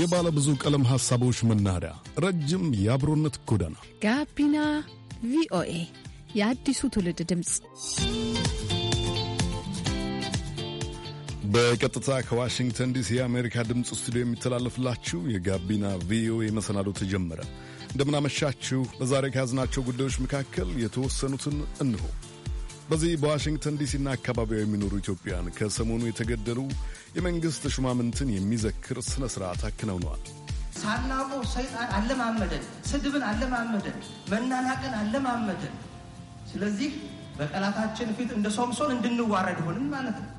የባለ ብዙ ቀለም ሐሳቦች መናኸሪያ፣ ረጅም የአብሮነት ጎዳና ጋቢና ቪኦኤ የአዲሱ ትውልድ ድምፅ በቀጥታ ከዋሽንግተን ዲሲ የአሜሪካ ድምፅ ስቱዲዮ የሚተላለፍላችሁ የጋቢና ቪኦኤ መሰናዶ ተጀመረ። እንደምናመሻችሁ። በዛሬ ከያዝናቸው ጉዳዮች መካከል የተወሰኑትን እንሆ። በዚህ በዋሽንግተን ዲሲና አካባቢዋ የሚኖሩ ኢትዮጵያን ከሰሞኑ የተገደሉ የመንግሥት ሹማምንትን የሚዘክር ሥነ ሥርዓት አከናውነዋል። ሳናቆ ሰይጣን አለማመደን፣ ስድብን አለማመደን፣ መናናቅን አለማመደን። ስለዚህ በጠላታችን ፊት እንደ ሶምሶን እንድንዋረድ ሆንን ማለት ነው።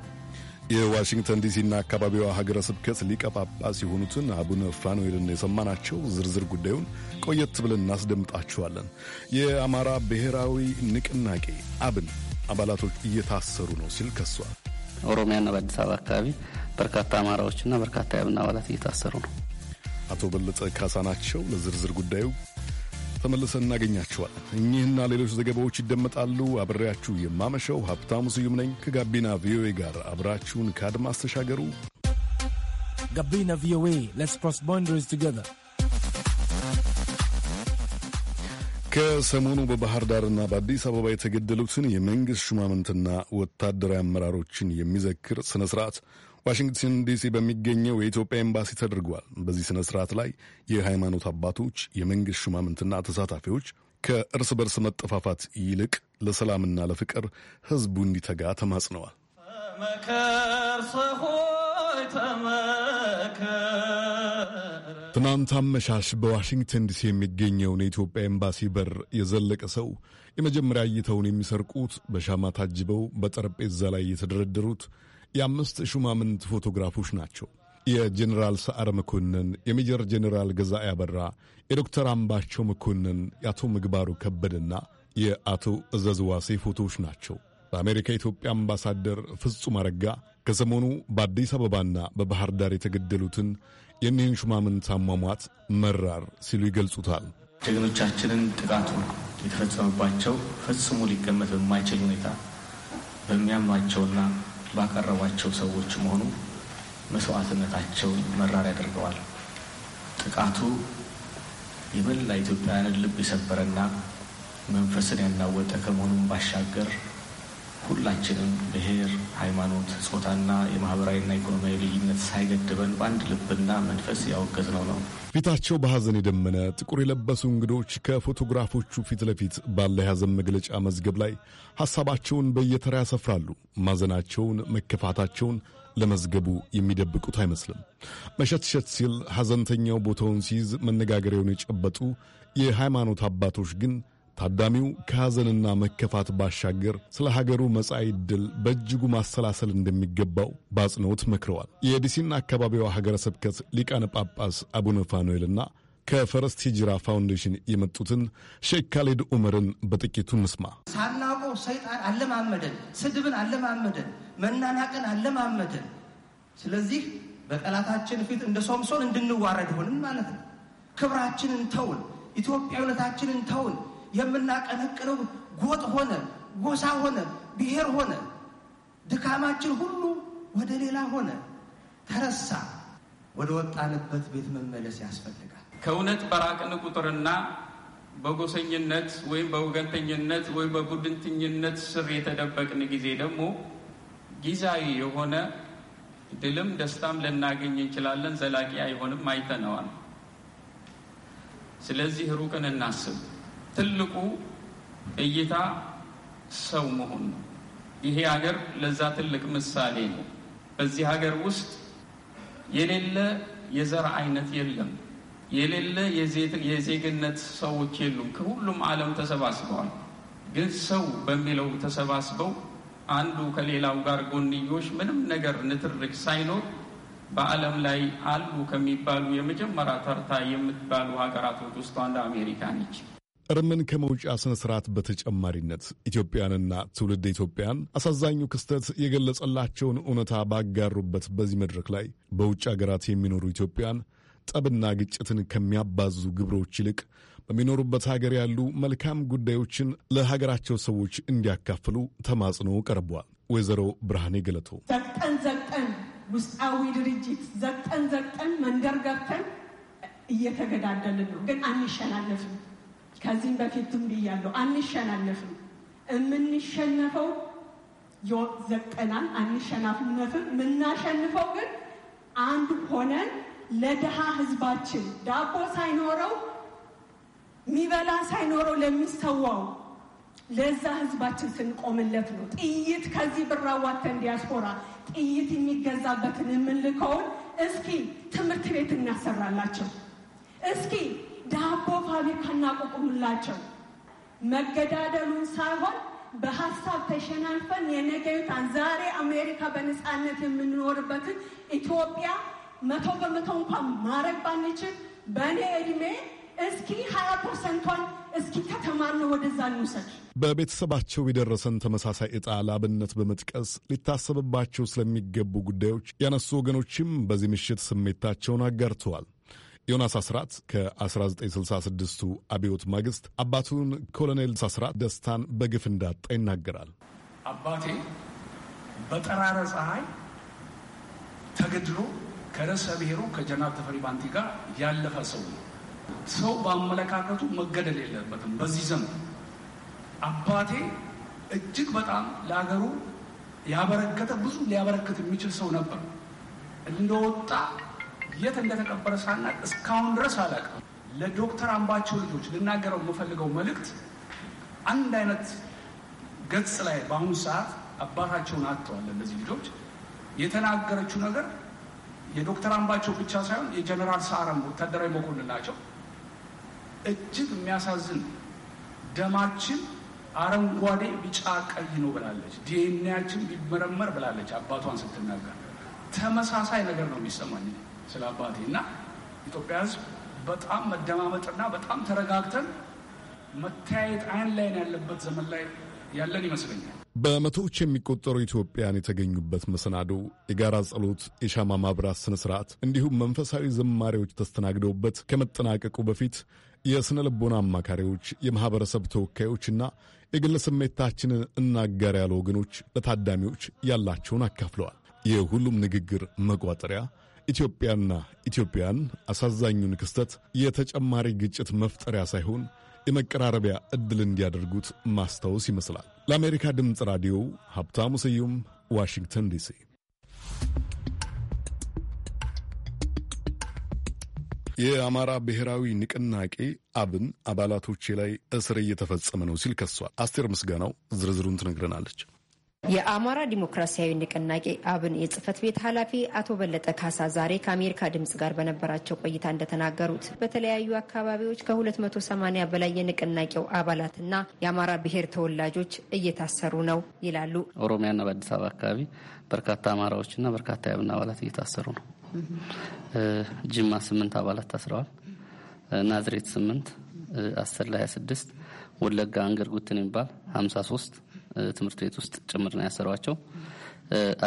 የዋሽንግተን ዲሲና አካባቢዋ ሀገረ ስብከት ሊቀ ጳጳስ የሆኑትን አቡነ ፋኑኤልን የሰማናቸው ዝርዝር ጉዳዩን ቆየት ብለን እናስደምጣችኋለን። የአማራ ብሔራዊ ንቅናቄ አብን አባላቶች እየታሰሩ ነው ሲል ከሷል። ኦሮሚያና በአዲስ አበባ አካባቢ በርካታ አማራዎችና በርካታ የአብን አባላት እየታሰሩ ነው። አቶ በለጠ ካሳ ናቸው። ለዝርዝር ጉዳዩ ተመልሰን እናገኛችኋል። እኚህና ሌሎች ዘገባዎች ይደመጣሉ። አብሬያችሁ የማመሸው ሀብታሙ ስዩም ነኝ። ከጋቢና ቪኦኤ ጋር አብራችሁን ከአድማስ ተሻገሩ። ጋቢና ቪኦኤ ሌትስ ክሮስ ቦንደሪስ ቱጌዘር ከሰሞኑ በባህር ዳርና በአዲስ አበባ የተገደሉትን የመንግሥት ሹማምንትና ወታደራዊ አመራሮችን የሚዘክር ሥነ ሥርዓት ዋሽንግተን ዲሲ በሚገኘው የኢትዮጵያ ኤምባሲ ተደርጓል። በዚህ ስነ ስርዓት ላይ የሃይማኖት አባቶች፣ የመንግስት ሹማምንትና ተሳታፊዎች ከእርስ በርስ መጠፋፋት ይልቅ ለሰላምና ለፍቅር ህዝቡ እንዲተጋ ተማጽነዋል። ትናንት አመሻሽ በዋሽንግተን ዲሲ የሚገኘውን የኢትዮጵያ ኤምባሲ በር የዘለቀ ሰው የመጀመሪያ እይታውን የሚሰርቁት በሻማ ታጅበው በጠረጴዛ ላይ የተደረደሩት የአምስት ሹማምንት ፎቶግራፎች ናቸው። የጀኔራል ሰዓረ መኮንን፣ የሜጀር ጀኔራል ገዛ ያበራ የዶክተር አምባቸው መኮንን፣ የአቶ ምግባሩ ከበደና የአቶ እዘዝዋሴ ፎቶዎች ናቸው። በአሜሪካ የኢትዮጵያ አምባሳደር ፍጹም አረጋ ከሰሞኑ በአዲስ አበባና በባህር ዳር የተገደሉትን የኒህን ሹማምንት አሟሟት መራር ሲሉ ይገልጹታል። ጀግኖቻችንን ጥቃቱ የተፈጸመባቸው ፈጽሞ ሊገመት በማይችል ሁኔታ በሚያምኗቸውና ባቀረቧቸው ሰዎች መሆኑ መስዋዕትነታቸውን መራር ያደርገዋል። ጥቃቱ የመላ ኢትዮጵያውያንን ልብ የሰበረና መንፈስን ያናወጠ ከመሆኑም ባሻገር ሁላችንም ብሔር፣ ሃይማኖት፣ ጾታና የማህበራዊና ኢኮኖሚያዊ ልዩነት ሳይገድበን በአንድ ልብና መንፈስ ያወገዝነው ነው። ፊታቸው በሐዘን የደመነ ጥቁር የለበሱ እንግዶች ከፎቶግራፎቹ ፊት ለፊት ባለ የሐዘን መግለጫ መዝገብ ላይ ሐሳባቸውን በየተራ ያሰፍራሉ። ማዘናቸውን፣ መከፋታቸውን ለመዝገቡ የሚደብቁት አይመስልም። መሸትሸት ሲል ሐዘንተኛው ቦታውን ሲይዝ መነጋገሪያውን የጨበጡ የሃይማኖት አባቶች ግን ታዳሚው ከሐዘንና መከፋት ባሻገር ስለ ሀገሩ መጻኢ ዕድል በእጅጉ ማሰላሰል እንደሚገባው በአጽንኦት መክረዋል። የዲሲና አካባቢዋ ሀገረ ስብከት ሊቃነ ጳጳስ አቡነ ፋኑኤልና ከፈረስት ሂጅራ ፋውንዴሽን የመጡትን ሼክ ካሌድ ኡመርን በጥቂቱ እንስማ። ሳናውቀው ሰይጣን አለማመደን፣ ስድብን አለማመደን፣ መናናቅን አለማመደን። ስለዚህ በጠላታችን ፊት እንደ ሶምሶን እንድንዋረድ ሆንን ማለት ነው። ክብራችንን ተውን፣ ኢትዮጵያዊነታችንን ተውን የምናቀነቅነው ጎጥ ሆነ፣ ጎሳ ሆነ፣ ብሔር ሆነ፣ ድካማችን ሁሉ ወደ ሌላ ሆነ፣ ተረሳ። ወደ ወጣንበት ቤት መመለስ ያስፈልጋል። ከእውነት በራቅን ቁጥርና በጎሰኝነት ወይም በወገንተኝነት ወይም በቡድንተኝነት ስር የተደበቅን ጊዜ ደግሞ ጊዜያዊ የሆነ ድልም ደስታም ልናገኝ እንችላለን። ዘላቂ አይሆንም፣ አይተነዋል። ስለዚህ ሩቅን እናስብ። ትልቁ እይታ ሰው መሆን ነው። ይሄ ሀገር ለዛ ትልቅ ምሳሌ ነው። በዚህ ሀገር ውስጥ የሌለ የዘር አይነት የለም። የሌለ የዜግነት ሰዎች የሉም። ከሁሉም ዓለም ተሰባስበዋል። ግን ሰው በሚለው ተሰባስበው አንዱ ከሌላው ጋር ጎንዮሽ ምንም ነገር ንትርክ ሳይኖር በዓለም ላይ አሉ ከሚባሉ የመጀመሪያ ተርታ የምትባሉ ሀገራቶች ውስጥ አንዱ አሜሪካ ነች። እርምን ከመውጫ ስነ ስርዓት በተጨማሪነት ኢትዮጵያንና ትውልድ ኢትዮጵያን አሳዛኙ ክስተት የገለጸላቸውን እውነታ ባጋሩበት በዚህ መድረክ ላይ በውጭ አገራት የሚኖሩ ኢትዮጵያን ጠብና ግጭትን ከሚያባዙ ግብሮች ይልቅ በሚኖሩበት ሀገር ያሉ መልካም ጉዳዮችን ለሀገራቸው ሰዎች እንዲያካፍሉ ተማጽኖ ቀርቧል። ወይዘሮ ብርሃኔ ገለቶ ዘቅጠን ዘቅጠን ውስጣዊ ድርጅት ዘቅጠን ዘቅጠን መንደር ገብተን እየተገዳደልን ነው፣ ግን አንሸላለፍም። ከዚህም በፊትም ብያለሁ፣ አንሸናነፍም። የምንሸነፈው ዘቀናን አንሸናፍነትም። የምናሸንፈው ግን አንድ ሆነን ለድሃ ህዝባችን ዳቦ ሳይኖረው ሚበላ ሳይኖረው ለሚሰዋው ለዛ ህዝባችን ስንቆምለት ነው። ጥይት ከዚህ ብራዋተን ዲያስፖራ ጥይት የሚገዛበትን የምንልከውን እስኪ ትምህርት ቤት እናሰራላቸው እስኪ ዳቦ ፋብሪካ እናቆቁምላቸው። መገዳደሉን ሳይሆን በሀሳብ ተሸናንፈን የነገዩታን ዛሬ አሜሪካ በነፃነት የምንኖርበትን ኢትዮጵያ መቶ በመቶ እንኳን ማድረግ ባንችል በእኔ እድሜ እስኪ ሀያ ፐርሰንቷን እስኪ ከተማርነ ወደዛ እንውሰድ። በቤተሰባቸው የደረሰን ተመሳሳይ እጣ ላብነት በመጥቀስ ሊታሰብባቸው ስለሚገቡ ጉዳዮች ያነሱ ወገኖችም በዚህ ምሽት ስሜታቸውን አጋርተዋል። ዮናስ አስራት ከ1966ቱ አብዮት ማግስት አባቱን ኮሎኔል አስራት ደስታን በግፍ እንዳጣ ይናገራል። አባቴ በጠራራ ፀሐይ ተገድሎ ከርዕሰ ብሔሩ ከጀነራል ተፈሪ ባንቲ ጋር ያለፈ ሰው ነው። ሰው በአመለካከቱ መገደል የለበትም። በዚህ ዘመን አባቴ እጅግ በጣም ለሀገሩ ያበረከተ ብዙ ሊያበረከት የሚችል ሰው ነበር። እንደወጣ የት እንደተቀበረ ሳናቅ እስካሁን ድረስ አላውቅም። ለዶክተር አምባቸው ልጆች ልናገረው የምፈልገው መልእክት አንድ አይነት ገጽ ላይ በአሁኑ ሰዓት አባታቸውን አጥተዋል። እነዚህ ልጆች የተናገረችው ነገር የዶክተር አምባቸው ብቻ ሳይሆን የጀኔራል ሳረም ወታደራዊ መኮንን ናቸው። እጅግ የሚያሳዝን ደማችን አረንጓዴ፣ ቢጫ፣ ቀይ ነው ብላለች። ዲኤንኤያችን ቢመረመር ብላለች አባቷን ስትናገር። ተመሳሳይ ነገር ነው የሚሰማኝ ስለ አባቴ እና ኢትዮጵያ ህዝብ በጣም መደማመጥና በጣም ተረጋግተን መተያየት አይን ላይ ያለበት ዘመን ላይ ያለን ይመስለኛል። በመቶዎች የሚቆጠሩ ኢትዮጵያን የተገኙበት መሰናዶ፣ የጋራ ጸሎት፣ የሻማ ማብራት ስነ ስርዓት እንዲሁም መንፈሳዊ ዘማሪዎች ተስተናግደውበት ከመጠናቀቁ በፊት የሥነ ልቦና አማካሪዎች፣ የማኅበረሰብ ተወካዮችና የግል ስሜታችንን እናጋር ያሉ ወገኖች ለታዳሚዎች ያላቸውን አካፍለዋል። የሁሉም ንግግር መቋጠሪያ ኢትዮጵያና ኢትዮጵያን አሳዛኙን ክስተት የተጨማሪ ግጭት መፍጠሪያ ሳይሆን የመቀራረቢያ ዕድል እንዲያደርጉት ማስታወስ ይመስላል። ለአሜሪካ ድምፅ ራዲዮ ሀብታሙ ስዩም ዋሽንግተን ዲሲ። የአማራ ብሔራዊ ንቅናቄ አብን አባላቶቼ ላይ እስር እየተፈጸመ ነው ሲል ከሷል። አስቴር ምስጋናው ዝርዝሩን ትነግረናለች። የአማራ ዲሞክራሲያዊ ንቅናቄ አብን የጽህፈት ቤት ኃላፊ አቶ በለጠ ካሳ ዛሬ ከአሜሪካ ድምጽ ጋር በነበራቸው ቆይታ እንደተናገሩት በተለያዩ አካባቢዎች ከ280 በላይ የንቅናቄው አባላትና የአማራ ብሔር ተወላጆች እየታሰሩ ነው ይላሉ። ኦሮሚያና በአዲስ አበባ አካባቢ በርካታ አማራዎችና በርካታ የአብን አባላት እየታሰሩ ነው። ጅማ ስምንት አባላት ታስረዋል። ናዝሬት ስምንት፣ አሰላ 26፣ ወለጋ አንገር ጉትን የሚባል 53 ትምህርት ቤት ውስጥ ጭምር ነው ያሰሯቸው።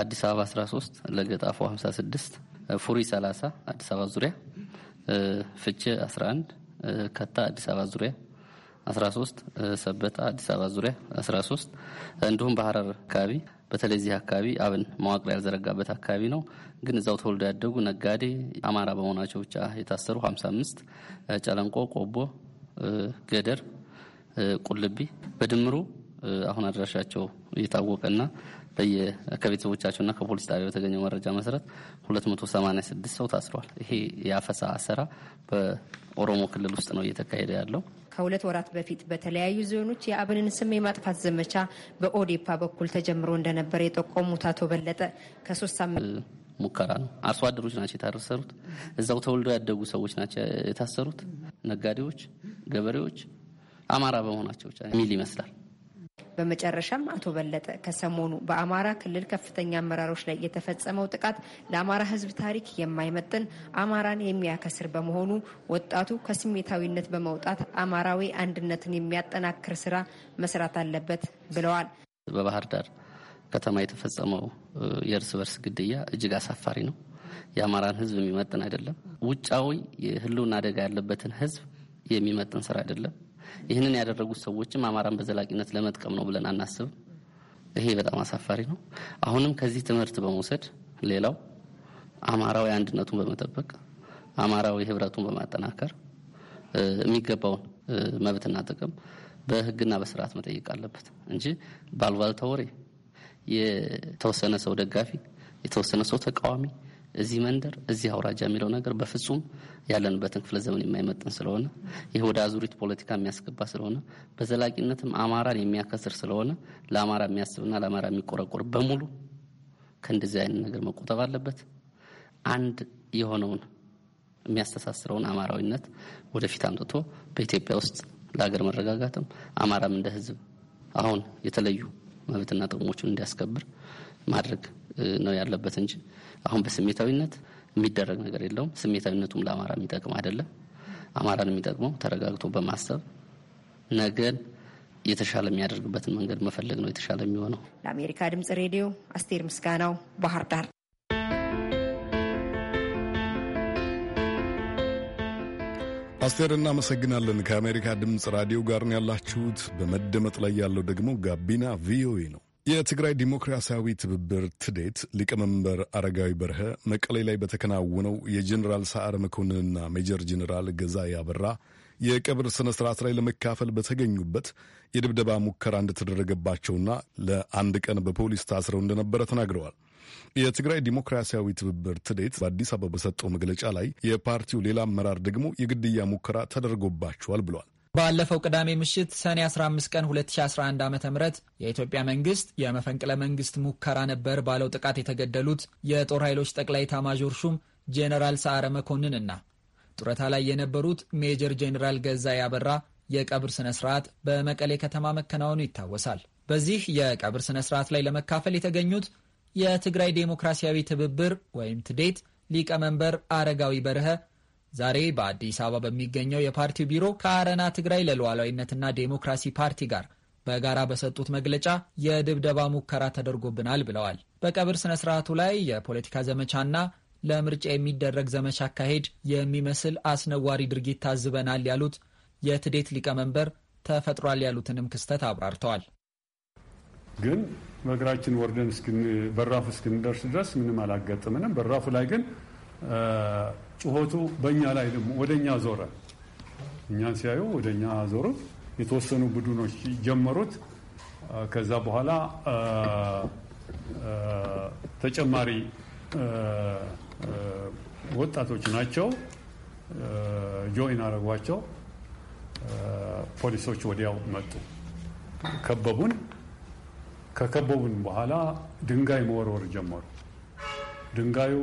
አዲስ አበባ 13፣ ለገጣፎ 56፣ ፉሪ 30 አዲስ አበባ ዙሪያ፣ ፍቼ 11፣ ከታ አዲስ አበባ ዙሪያ 13፣ ሰበታ አዲስ አበባ ዙሪያ 13 እንዲሁም በሀረር አካባቢ በተለይ እዚህ አካባቢ አብን መዋቅር ያልዘረጋበት አካባቢ ነው። ግን እዛው ተወልዶ ያደጉ ነጋዴ አማራ በመሆናቸው ብቻ የታሰሩ 55 ጨለንቆ፣ ቆቦ፣ ገደር፣ ቁልቢ በድምሩ አሁን አድራሻቸው እየታወቀና ከቤተሰቦቻቸውና ከፖሊስ ጣቢያ በተገኘው መረጃ መሰረት 286 ሰው ታስሯል። ይሄ የአፈሳ አሰራ በኦሮሞ ክልል ውስጥ ነው እየተካሄደ ያለው። ከሁለት ወራት በፊት በተለያዩ ዞኖች የአብንን ስም የማጥፋት ዘመቻ በኦዴፓ በኩል ተጀምሮ እንደነበረ የጠቆሙት አቶ በለጠ ከሶስት ሳምንት ሙከራ ነው። አርሶ አደሮች ናቸው የታሰሩት። እዛው ተወልደው ያደጉ ሰዎች ናቸው የታሰሩት። ነጋዴዎች፣ ገበሬዎች አማራ በመሆናቸው ሚል ይመስላል በመጨረሻም አቶ በለጠ ከሰሞኑ በአማራ ክልል ከፍተኛ አመራሮች ላይ የተፈጸመው ጥቃት ለአማራ ሕዝብ ታሪክ የማይመጥን አማራን የሚያከስር በመሆኑ ወጣቱ ከስሜታዊነት በመውጣት አማራዊ አንድነትን የሚያጠናክር ስራ መስራት አለበት ብለዋል። በባህር ዳር ከተማ የተፈጸመው የእርስ በርስ ግድያ እጅግ አሳፋሪ ነው። የአማራን ሕዝብ የሚመጥን አይደለም። ውጫዊ የህልውና አደጋ ያለበትን ሕዝብ የሚመጥን ስራ አይደለም። ይህንን ያደረጉት ሰዎችም አማራን በዘላቂነት ለመጥቀም ነው ብለን አናስብም። ይሄ በጣም አሳፋሪ ነው። አሁንም ከዚህ ትምህርት በመውሰድ ሌላው አማራዊ አንድነቱን በመጠበቅ አማራዊ ህብረቱን በማጠናከር የሚገባውን መብትና ጥቅም በህግና በስርዓት መጠየቅ አለበት እንጂ ባልባልታ ወሬ የተወሰነ ሰው ደጋፊ የተወሰነ ሰው ተቃዋሚ እዚህ መንደር፣ እዚህ አውራጃ የሚለው ነገር በፍጹም ያለንበትን ክፍለ ዘመን የማይመጥን ስለሆነ ይህ ወደ አዙሪት ፖለቲካ የሚያስገባ ስለሆነ በዘላቂነትም አማራን የሚያከስር ስለሆነ ለአማራ የሚያስብና ለአማራ የሚቆረቆር በሙሉ ከእንደዚህ አይነት ነገር መቆጠብ አለበት። አንድ የሆነውን የሚያስተሳስረውን አማራዊነት ወደፊት አምጥቶ በኢትዮጵያ ውስጥ ለሀገር መረጋጋትም አማራም እንደ ሕዝብ አሁን የተለዩ መብትና ጥቅሞቹን እንዲያስከብር ማድረግ ነው ያለበት እንጂ አሁን በስሜታዊነት የሚደረግ ነገር የለውም። ስሜታዊነቱም ለአማራ የሚጠቅም አይደለም። አማራን የሚጠቅመው ተረጋግቶ በማሰብ ነገን የተሻለ የሚያደርግበትን መንገድ መፈለግ ነው የተሻለ የሚሆነው። ለአሜሪካ ድምጽ ሬዲዮ አስቴር ምስጋናው ባህር ዳር። አስቴር እናመሰግናለን። ከአሜሪካ ድምፅ ራዲዮ ጋር ያላችሁት። በመደመጥ ላይ ያለው ደግሞ ጋቢና ቪኦኤ ነው። የትግራይ ዲሞክራሲያዊ ትብብር ትዴት ሊቀመንበር አረጋዊ በርሀ መቀሌ ላይ በተከናወነው የጀኔራል ሰዓረ መኮንንና ሜጀር ጀኔራል ገዛ ያበራ የቀብር ስነ ስርዓት ላይ ለመካፈል በተገኙበት የድብደባ ሙከራ እንደተደረገባቸውና ለአንድ ቀን በፖሊስ ታስረው እንደነበረ ተናግረዋል። የትግራይ ዲሞክራሲያዊ ትብብር ትዴት በአዲስ አበባ በሰጠው መግለጫ ላይ የፓርቲው ሌላ አመራር ደግሞ የግድያ ሙከራ ተደርጎባቸዋል ብሏል። ባለፈው ቅዳሜ ምሽት ሰኔ 15 ቀን 2011 ዓ ም የኢትዮጵያ መንግስት የመፈንቅለ መንግስት ሙከራ ነበር ባለው ጥቃት የተገደሉት የጦር ኃይሎች ጠቅላይ ታማዦር ሹም ጄኔራል ሰዓረ መኮንንና ጡረታ ላይ የነበሩት ሜጀር ጄኔራል ገዛ ያበራ የቀብር ስነ ስርዓት በመቀሌ ከተማ መከናወኑ ይታወሳል። በዚህ የቀብር ስነ ስርዓት ላይ ለመካፈል የተገኙት የትግራይ ዴሞክራሲያዊ ትብብር ወይም ትዴት ሊቀመንበር አረጋዊ በርሀ ዛሬ በአዲስ አበባ በሚገኘው የፓርቲው ቢሮ ከአረና ትግራይ ለሉዓላዊነትና ዴሞክራሲ ፓርቲ ጋር በጋራ በሰጡት መግለጫ የድብደባ ሙከራ ተደርጎብናል ብለዋል። በቀብር ስነ ስርዓቱ ላይ የፖለቲካ ዘመቻና ለምርጫ የሚደረግ ዘመቻ አካሄድ የሚመስል አስነዋሪ ድርጊት ታዝበናል ያሉት የትዴት ሊቀመንበር ተፈጥሯል ያሉትንም ክስተት አብራርተዋል። ግን በእግራችን ወርደን በራፉ እስክንደርስ ድረስ ምንም አላጋጠመንም። በራፉ ላይ ግን ጩኸቱ በእኛ ላይ ደግሞ ወደ እኛ ዞረ። እኛን ሲያዩ ወደ እኛ ዞሩት። የተወሰኑ ቡድኖች ጀመሩት። ከዛ በኋላ ተጨማሪ ወጣቶች ናቸው ጆይን አረጓቸው። ፖሊሶች ወዲያው መጡ፣ ከበቡን። ከከበቡን በኋላ ድንጋይ መወርወር ጀመሩ። ድንጋዩ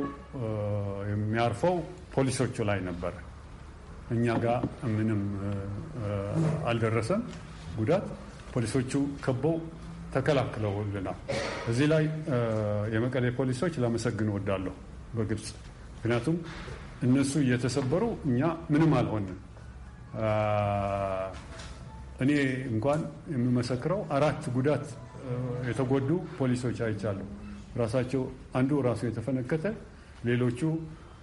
የሚያርፈው ፖሊሶቹ ላይ ነበር። እኛ ጋር ምንም አልደረሰም ጉዳት። ፖሊሶቹ ከበው ተከላክለውልናል። እዚህ ላይ የመቀሌ ፖሊሶች ላመሰግን ወዳለሁ በግልጽ ምክንያቱም እነሱ እየተሰበሩ እኛ ምንም አልሆንም። እኔ እንኳን የምመሰክረው አራት ጉዳት የተጎዱ ፖሊሶች አይቻለሁ። ራሳቸው አንዱ ራሱ የተፈነከተ ሌሎቹ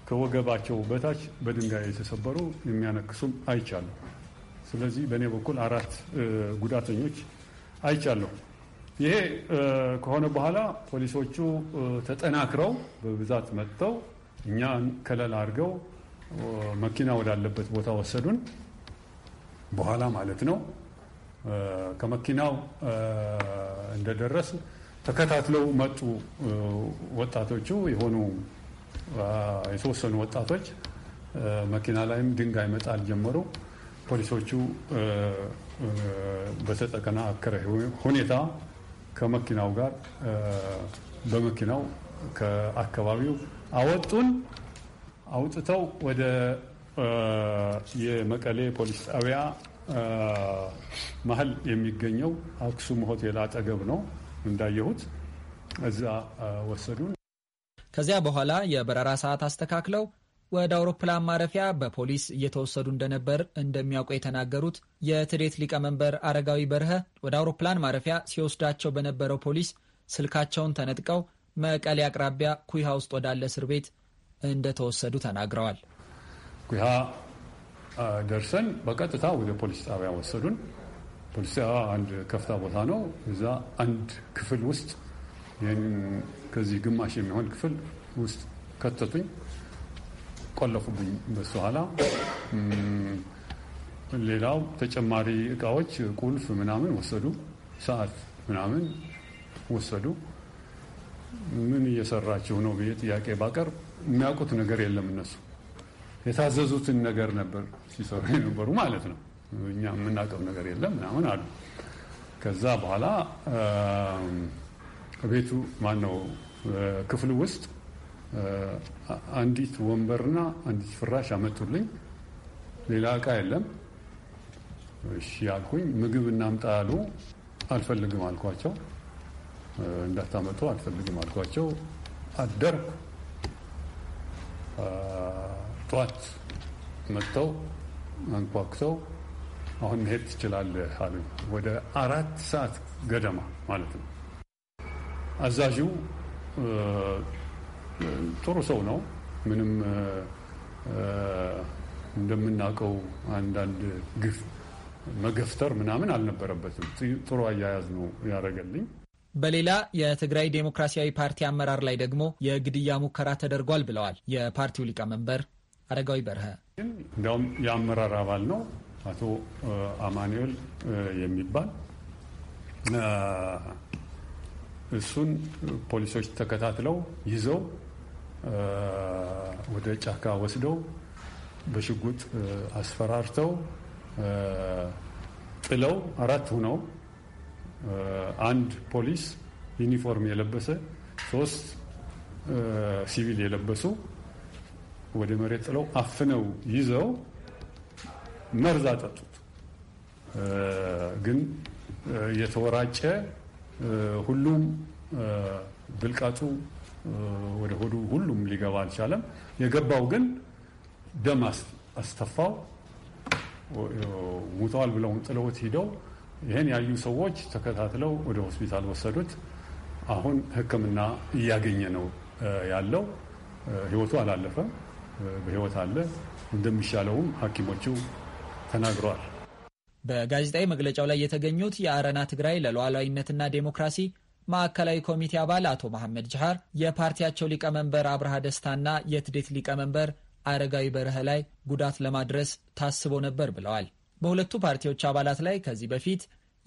ከወገባቸው በታች በድንጋይ የተሰበሩ የሚያነክሱም አይቻሉ። ስለዚህ በእኔ በኩል አራት ጉዳተኞች አይቻለሁ። ይሄ ከሆነ በኋላ ፖሊሶቹ ተጠናክረው በብዛት መጥተው እኛ ከለል አድርገው መኪና ወዳለበት ቦታ ወሰዱን። በኋላ ማለት ነው። ከመኪናው እንደደረስ ተከታትለው መጡ። ወጣቶቹ የሆኑ የተወሰኑ ወጣቶች መኪና ላይም ድንጋይ መጣል ጀመሩ። ፖሊሶቹ በተጠናከረ ሁኔታ ከመኪናው ጋር በመኪናው ከአካባቢው አወጡን። አውጥተው ወደ የመቀሌ ፖሊስ ጣቢያ መሀል የሚገኘው አክሱም ሆቴል አጠገብ ነው እንዳየሁት እዛ ወሰዱን። ከዚያ በኋላ የበረራ ሰዓት አስተካክለው ወደ አውሮፕላን ማረፊያ በፖሊስ እየተወሰዱ እንደነበር እንደሚያውቁ የተናገሩት የትዴት ሊቀመንበር አረጋዊ በርሀ ወደ አውሮፕላን ማረፊያ ሲወስዳቸው በነበረው ፖሊስ ስልካቸውን ተነጥቀው መቀሌ አቅራቢያ ኩይሃ ውስጥ ወዳለ እስር ቤት እንደተወሰዱ ተናግረዋል። ኩይሃ ደርሰን በቀጥታ ወደ ፖሊስ ጣቢያ ወሰዱን። ፖሊስ አንድ ከፍታ ቦታ ነው። እዛ አንድ ክፍል ውስጥ ከዚህ ግማሽ የሚሆን ክፍል ውስጥ ከተቱኝ፣ ቆለፉብኝ። በሱ ኋላ ሌላው ተጨማሪ እቃዎች ቁልፍ ምናምን ወሰዱ፣ ሰዓት ምናምን ወሰዱ። ምን እየሰራችሁ ነው ብዬ ጥያቄ ባቀር የሚያውቁት ነገር የለም እነሱ የታዘዙትን ነገር ነበር ሲሰሩ የነበሩ ማለት ነው። እኛ የምናውቀው ነገር የለም ምናምን አሉ። ከዛ በኋላ ቤቱ ማነው ክፍሉ ውስጥ አንዲት ወንበርና አንዲት ፍራሽ አመጡልኝ። ሌላ እቃ የለም። እሺ ያልኩኝ። ምግብ እናምጣ አሉ። አልፈልግም አልኳቸው። እንዳታመጡ አልፈልግም አልኳቸው። አደርኩ። ጠዋት መጥተው አንኳኩተው አሁን መሄድ ትችላለህ አሉኝ። ወደ አራት ሰዓት ገደማ ማለት ነው። አዛዡ ጥሩ ሰው ነው። ምንም እንደምናውቀው አንዳንድ ግፍ መገፍተር ምናምን አልነበረበትም። ጥሩ አያያዝ ነው ያደረገልኝ። በሌላ የትግራይ ዴሞክራሲያዊ ፓርቲ አመራር ላይ ደግሞ የግድያ ሙከራ ተደርጓል ብለዋል የፓርቲው ሊቀመንበር አረጋዊ በርሀ። እንዲያውም የአመራር አባል ነው አቶ አማኑኤል የሚባል እሱን ፖሊሶች ተከታትለው ይዘው ወደ ጫካ ወስደው በሽጉጥ አስፈራርተው ጥለው አራት ሆነው አንድ ፖሊስ ዩኒፎርም የለበሰ ሶስት ሲቪል የለበሱ ወደ መሬት ጥለው አፍነው ይዘው መርዝ አጠጡት። ግን የተወራጨ ሁሉም ብልቃጡ ወደ ሆዱ ሁሉም ሊገባ አልቻለም። የገባው ግን ደም አስተፋው። ሙተዋል ብለውን ጥለውት ሂደው ይህን ያዩ ሰዎች ተከታትለው ወደ ሆስፒታል ወሰዱት። አሁን ሕክምና እያገኘ ነው ያለው። ህይወቱ አላለፈም፣ በህይወት አለ። እንደሚሻለውም ሐኪሞቹ ተናግረዋል። በጋዜጣዊ መግለጫው ላይ የተገኙት የአረና ትግራይ ለሉዓላዊነትና ዴሞክራሲ ማዕከላዊ ኮሚቴ አባል አቶ መሐመድ ጅሃር የፓርቲያቸው ሊቀመንበር አብርሃ ደስታና የትዴት ሊቀመንበር አረጋዊ በረሀ ላይ ጉዳት ለማድረስ ታስቦ ነበር ብለዋል። በሁለቱ ፓርቲዎች አባላት ላይ ከዚህ በፊት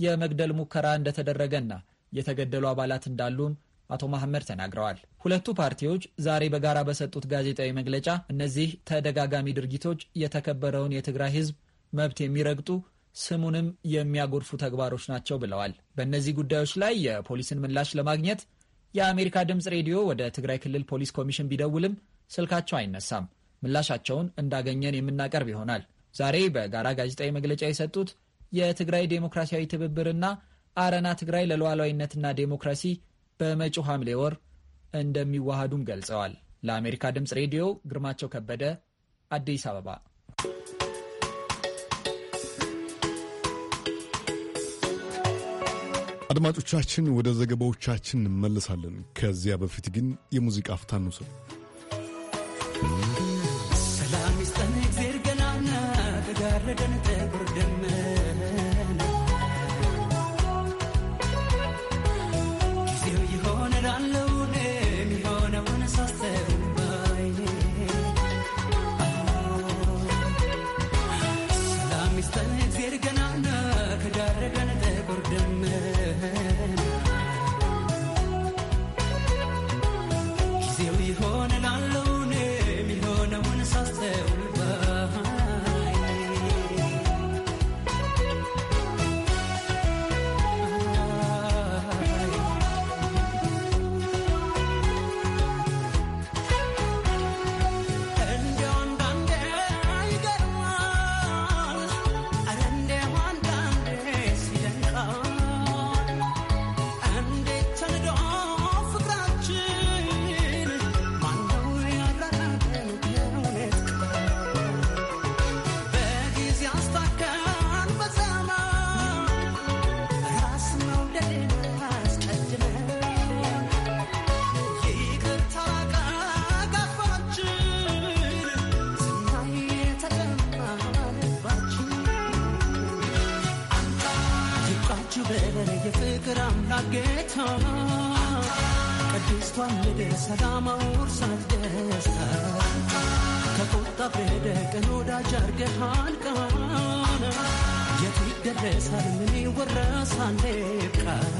የመግደል ሙከራ እንደተደረገና የተገደሉ አባላት እንዳሉም አቶ መሐመድ ተናግረዋል። ሁለቱ ፓርቲዎች ዛሬ በጋራ በሰጡት ጋዜጣዊ መግለጫ እነዚህ ተደጋጋሚ ድርጊቶች የተከበረውን የትግራይ ሕዝብ መብት የሚረግጡ ስሙንም የሚያጎድፉ ተግባሮች ናቸው ብለዋል። በእነዚህ ጉዳዮች ላይ የፖሊስን ምላሽ ለማግኘት የአሜሪካ ድምፅ ሬዲዮ ወደ ትግራይ ክልል ፖሊስ ኮሚሽን ቢደውልም ስልካቸው አይነሳም። ምላሻቸውን እንዳገኘን የምናቀርብ ይሆናል። ዛሬ በጋራ ጋዜጣዊ መግለጫ የሰጡት የትግራይ ዴሞክራሲያዊ ትብብርና አረና ትግራይ ለሉዓላዊነትና ዴሞክራሲ በመጪው ሐምሌ ወር እንደሚዋሃዱም ገልጸዋል። ለአሜሪካ ድምፅ ሬዲዮ ግርማቸው ከበደ አዲስ አበባ አድማጮቻችን፣ ወደ ዘገባዎቻችን እንመለሳለን። ከዚያ በፊት ግን የሙዚቃ አፍታ እንውሰድ። ሰላም ይስጠን እግዜር ገናና ተጋረደን ተጎርደን ቅድስቷን ልደት ሰላም አውርሳት ደስታ ከቆጣ በሄደ ቀን ወዳጅ አርገሃል ቃል የት ይደረሳል ምን ይወረሳል ቃል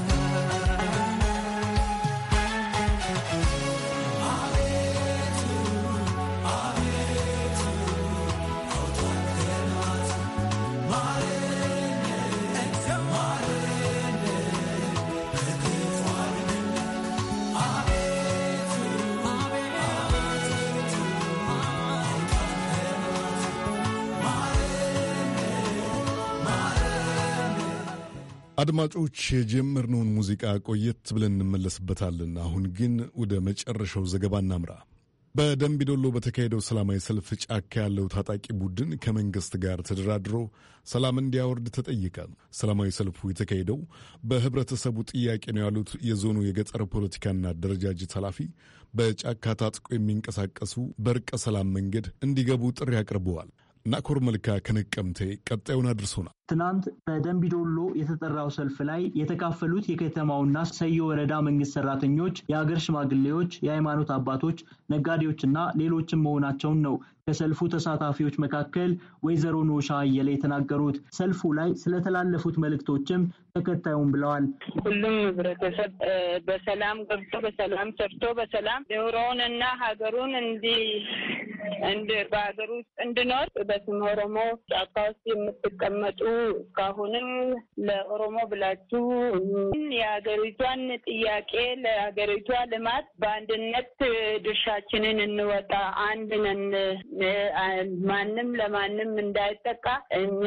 አድማጮች የጀመርነውን ሙዚቃ ቆየት ብለን እንመለስበታለን። አሁን ግን ወደ መጨረሻው ዘገባ እናምራ። በደምቢዶሎ በተካሄደው ሰላማዊ ሰልፍ ጫካ ያለው ታጣቂ ቡድን ከመንግስት ጋር ተደራድሮ ሰላም እንዲያወርድ ተጠየቀ። ሰላማዊ ሰልፉ የተካሄደው በህብረተሰቡ ጥያቄ ነው ያሉት የዞኑ የገጠር ፖለቲካና አደረጃጀት ኃላፊ በጫካ ታጥቆ የሚንቀሳቀሱ በእርቀ ሰላም መንገድ እንዲገቡ ጥሪ አቅርበዋል። ናኮር መልካ ከነቀምቴ ቀጣዩን አድርሶናል። ትናንት በደንቢዶሎ የተጠራው ሰልፍ ላይ የተካፈሉት የከተማውና ሰዮ ወረዳ መንግስት ሰራተኞች፣ የሀገር ሽማግሌዎች፣ የሃይማኖት አባቶች፣ ነጋዴዎችና ሌሎችም መሆናቸውን ነው ከሰልፉ ተሳታፊዎች መካከል ወይዘሮ ኖሻ አየለ የተናገሩት። ሰልፉ ላይ ስለተላለፉት መልእክቶችም ተከታዩም ብለዋል። ሁሉም ህብረተሰብ በሰላም ገብቶ በሰላም ሰርቶ በሰላም ኑሮውን እና ሀገሩን እንዲ በሀገር ውስጥ እንድኖር በስም ኦሮሞ ጫካ ውስጥ የምትቀመጡ እስካሁንም ለኦሮሞ ብላችሁ የሀገሪቷን ጥያቄ ለሀገሪቷ ልማት በአንድነት ድርሻችንን እንወጣ፣ አንድ ነን፣ ማንም ለማንም እንዳይጠቃ እኛ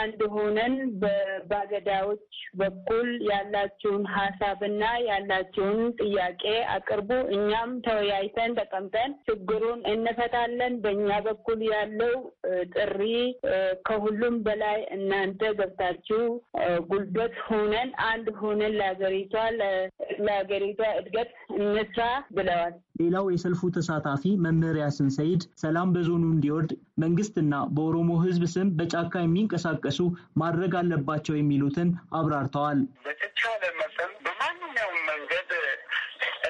አንድ ሆነን በባገዳዎች በኩል ያላችሁን ሀሳብና ያላችሁን ጥያቄ አቅርቡ፣ እኛም ተወያይተን ተቀምጠን ችግሩን እንፈታለን። በእኛ በኩል ያለው ጥሪ ከሁሉም በላይ እና እናንተ ገብታችሁ ጉልበት ሆነን አንድ ሆነን ለሀገሪቷ ለሀገሪቷ እድገት እንስራ ብለዋል። ሌላው የሰልፉ ተሳታፊ መምህር ስንሰይድ፣ ሰይድ ሰላም በዞኑ እንዲወርድ መንግስትና በኦሮሞ ሕዝብ ስም በጫካ የሚንቀሳቀሱ ማድረግ አለባቸው የሚሉትን አብራርተዋል። በተቻለ መጠን በማንኛውም መንገድ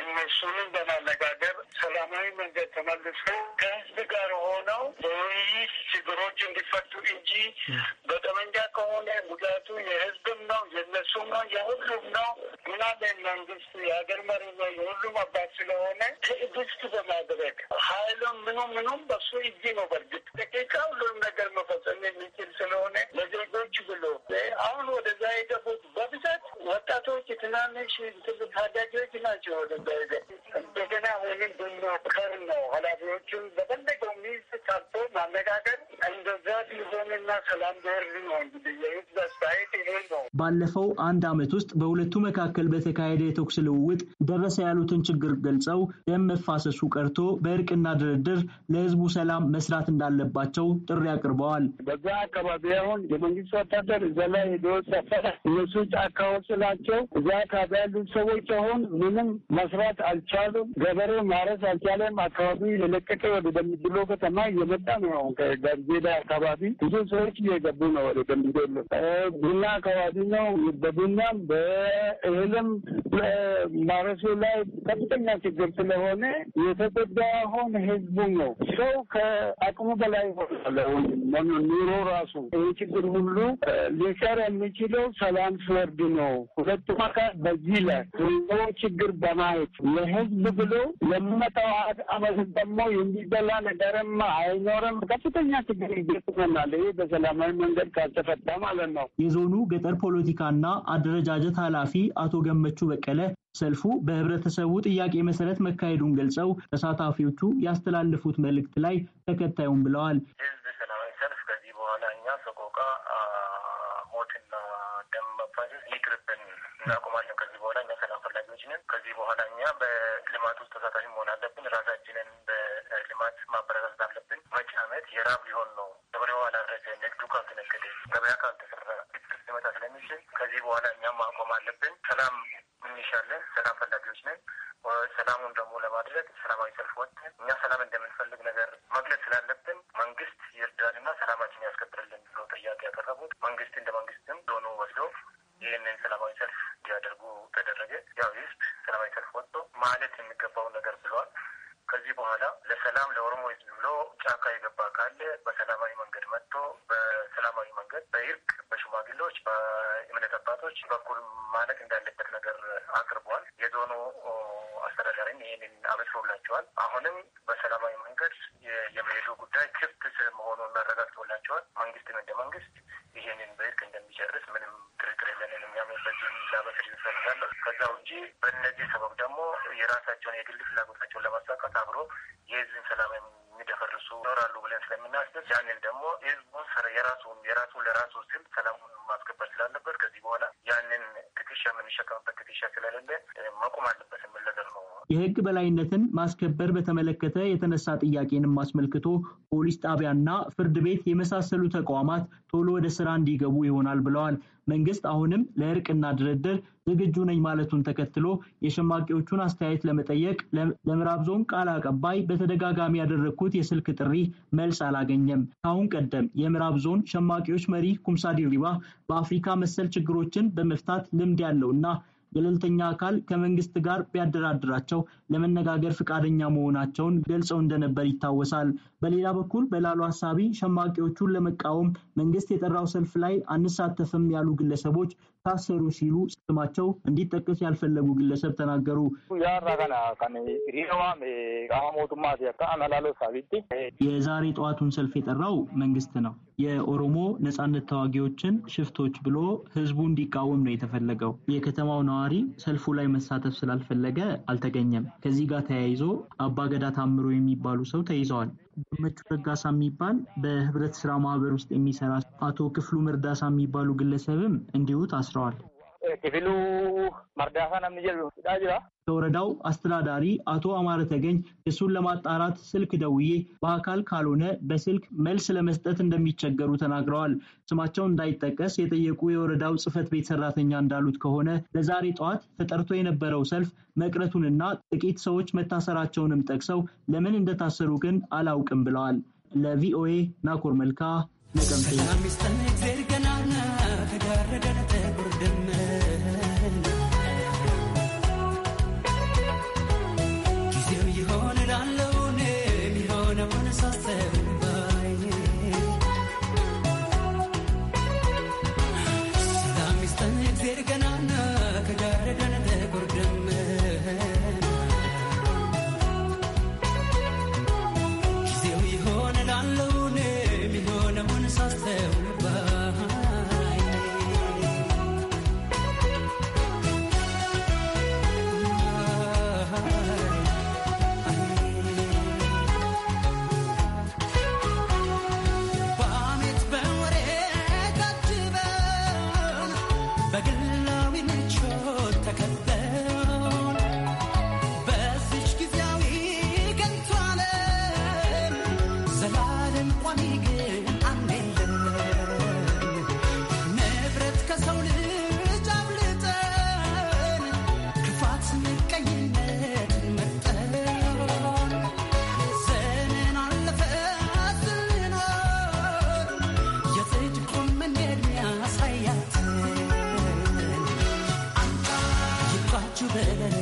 እነሱንም በማነጋገር ሰላማዊ መንገድ ተመልሰው ከህዝብ ጋር ሆነው በውይይት ችግሮች እንዲፈቱ እንጂ ወንጀለኛ ከሆነ ጉዳቱ የህዝብም ነው የነሱም ነው የሁሉም ነው። ምናምን መንግስት የሀገር መሪ ነው የሁሉም አባት ስለሆነ ትዕግስት በማድረግ ሀይሉም ምኑ ምኑም በሱ እጅ ነው። በእርግጥ ደቂቃ ሁሉም ነገር መፈጸም የሚችል ስለሆነ ለዜጎች ብሎ አሁን ወደዛ የገቡት በብዛት ወጣቶች፣ ትናንሽ ታዳጊዎች ናቸው ወደዛ የገቡት እንደገና ወይም በመክር ነው ኃላፊዎችን በፈለገው ሚስ ሰርቶ ማነጋገር እንደዛ ሊሆንና ሰላም ሊወርድ ነው። እንግዲህ የህዝብ አስተያየት ይሄ ነው። ባለፈው አንድ አመት ውስጥ በሁለቱ መካከል በተካሄደ የተኩስ ልውውጥ ደረሰ ያሉትን ችግር ገልጸው ደም መፋሰሱ ቀርቶ በእርቅና ድርድር ለህዝቡ ሰላም መስራት እንዳለባቸው ጥሪ አቅርበዋል። በዛ አካባቢ አሁን የመንግስት ወታደር እዛ ላይ ሄዶ ሰፈረ። እነሱ ጫካዎች ስላቸው እዛ አካባቢ ያሉ ሰዎች አሁን ምንም መስራት አልቻ አልቻሉም። ገበሬ ማረስ አልቻለም። አካባቢ ለለቀቀ ወደ ደምቢዶሎ ከተማ እየመጣ ነው። አሁን ከጋዜዳ አካባቢ ብዙ ሰዎች እየገቡ ነው ወደ ደምቢዶሎ ቡና አካባቢ ነው። በቡናም በእህልም ማረሱ ላይ ከፍተኛ ችግር ስለሆነ የተጎዳ አሁን ህዝቡ ነው። ሰው ከአቅሙ በላይ ሆናለ። ኑሮ ራሱ ይህ ችግር ሁሉ ሊሰር የሚችለው ሰላም ስወርድ ነው። ሁለቱም አካል በዚህ ላይ ችግር በማየት የህዝብ ህዝብ ብሎ የሚመጣው አመት ደግሞ የሚበላ ነገርም አይኖርም። ከፍተኛ ችግር ይገጥመናል። ይህ በሰላማዊ መንገድ ካልተፈታ ማለት ነው። የዞኑ ገጠር ፖለቲካና አደረጃጀት ኃላፊ አቶ ገመቹ በቀለ ሰልፉ በህብረተሰቡ ጥያቄ መሰረት መካሄዱን ገልጸው ተሳታፊዎቹ ያስተላለፉት መልእክት ላይ ተከታዩም ብለዋል። ህዝብ ሰላማዊ ሰልፍ ከዚህ በኋላ እኛ ሰቆቃ፣ ሞትና ደም መፋሰስ ይቅርብን፣ በኋላ እኛ በልማት ውስጥ ተሳታፊ መሆን አለብን። ራሳችንን በልማት ማበረታታት አለብን። መጪ ዓመት የራብ ሊሆን ነው። ገበሬው አላረሰ፣ ንግዱ ካልተነገደ፣ ገበያ ካልተሰራ ግጭት ሊመጣ ስለሚችል ከዚህ በኋላ እኛ ማቆም አለብን። ሰላም እንሻለን። ሰላም ፈላጊዎች ነን። ሰላሙን ደግሞ ለማድረግ ሰላማዊ ሰልፍ ወጥተን እኛ ሰላም እንደምንፈልግ ነገር መግለጽ ስላለብን መንግስት ይርዳንና ሰላማችን ያስከብርልን ብሎ ጥያቄ ያቀረቡት መንግስት እንደ መንግስትም ዞኑ ወስዶ ይህንን ሰላማዊ ሰልፍ እንዲያደርጉ ተደረገ። ያው ህዝብ ሰላማዊ ሰልፍ ወጥቶ ማለት የሚገባውን ነገር ብለዋል። ከዚህ በኋላ ለሰላም ለኦሮሞ ህዝብ ብሎ ጫካ የገባ ካለ በሰላማዊ መንገድ መጥቶ በሰላማዊ መንገድ በእርቅ በሽማግሌዎች በእምነት አባቶች በኩል ማለት እንዳለበት ነገር አቅርቧል። የዞኑ አስተዳዳሪም ይህንን አበስሮላቸዋል። አሁንም በሰላማዊ መንገድ የመሄዱ ጉዳይ ክፍት መሆኑን አረጋግጦላቸዋል። መንግስትም እንደ መንግስት ይህንን በእርቅ እንደሚጨርስ ምንም ጥርጥር እኛም በዚህ ላበስር ይፈልጋለ። ከዛ ውጭ በእነዚህ ሰበብ ደግሞ የራሳቸውን የግል ፍላጎታቸውን ለማሳካት አብሮ የህዝብን ሰላም የሚደፈርሱ ይኖራሉ ብለን ስለምናስብ ያንን ደግሞ ህዝቡን የራሱን የራሱ ለራሱ ስል ሰላሙን ማስከበር ስላለበት ከዚህ በኋላ ያንን ክትሻ የምንሸከምበት ክትሻ ስለሌለ መቆም አለበት የምለገር ነው። የህግ በላይነትን ማስከበር በተመለከተ የተነሳ ጥያቄንም አስመልክቶ ፖሊስ ጣቢያና ፍርድ ቤት የመሳሰሉ ተቋማት ቶሎ ወደ ስራ እንዲገቡ ይሆናል ብለዋል። መንግስት አሁንም ለእርቅና ድርድር ዝግጁ ነኝ ማለቱን ተከትሎ የሸማቂዎቹን አስተያየት ለመጠየቅ ለምዕራብ ዞን ቃል አቀባይ በተደጋጋሚ ያደረግኩት የስልክ ጥሪ መልስ አላገኘም። ከአሁን ቀደም የምዕራብ ዞን ሸማቂዎች መሪ ኩምሳ ዲሪባ በአፍሪካ መሰል ችግሮችን በመፍታት ልምድ ያለው እና ገለልተኛ አካል ከመንግስት ጋር ቢያደራድራቸው ለመነጋገር ፈቃደኛ መሆናቸውን ገልጸው እንደነበር ይታወሳል። በሌላ በኩል በላሉ ሀሳቢ ሸማቂዎቹን ለመቃወም መንግስት የጠራው ሰልፍ ላይ አንሳተፍም ያሉ ግለሰቦች ታሰሩ ሲሉ ስማቸው እንዲጠቀስ ያልፈለጉ ግለሰብ ተናገሩ። የዛሬ ጠዋቱን ሰልፍ የጠራው መንግስት ነው። የኦሮሞ ነጻነት ተዋጊዎችን ሽፍቶች ብሎ ህዝቡ እንዲቃወም ነው የተፈለገው። የከተማው ነዋሪ ሰልፉ ላይ መሳተፍ ስላልፈለገ አልተገኘም። ከዚህ ጋር ተያይዞ አባገዳ ታምሮ የሚባሉ ሰው ተይዘዋል። ገመቹ ረጋሳ የሚባል በህብረት ስራ ማህበር ውስጥ የሚሰራ አቶ ክፍሉ መርዳሳ የሚባሉ ግለሰብም እንዲሁ ታስረዋል። ክፍሉ መርዳሳ ናምን ጀሉ ጅራ ከወረዳው አስተዳዳሪ አቶ አማረ ተገኝ ክሱን ለማጣራት ስልክ ደውዬ በአካል ካልሆነ በስልክ መልስ ለመስጠት እንደሚቸገሩ ተናግረዋል። ስማቸው እንዳይጠቀስ የጠየቁ የወረዳው ጽህፈት ቤት ሰራተኛ እንዳሉት ከሆነ ለዛሬ ጠዋት ተጠርቶ የነበረው ሰልፍ መቅረቱንና ጥቂት ሰዎች መታሰራቸውንም ጠቅሰው ለምን እንደታሰሩ ግን አላውቅም ብለዋል። ለቪኦኤ ናኮር መልካ ነቀምቴ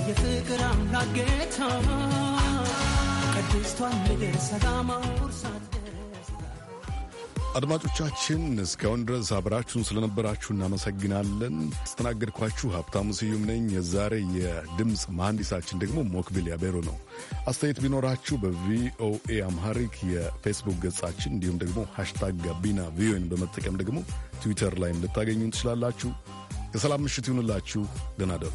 የፍቅር አምላክ ጌታ ቅድስቷን ምድር አድማጮቻችን እስካሁን ድረስ አብራችሁን ስለነበራችሁ እናመሰግናለን። አስተናገድኳችሁ ሀብታሙ ስዩም ነኝ። የዛሬ የድምፅ መሐንዲሳችን ደግሞ ሞክቢል ያቤሮ ነው። አስተያየት ቢኖራችሁ በቪኦኤ አምሃሪክ የፌስቡክ ገጻችን እንዲሁም ደግሞ ሃሽታግ ጋቢና ቪኦኤን በመጠቀም ደግሞ ትዊተር ላይ ልታገኙን ትችላላችሁ። የሰላም ምሽት ይሁንላችሁ። ደናደሩ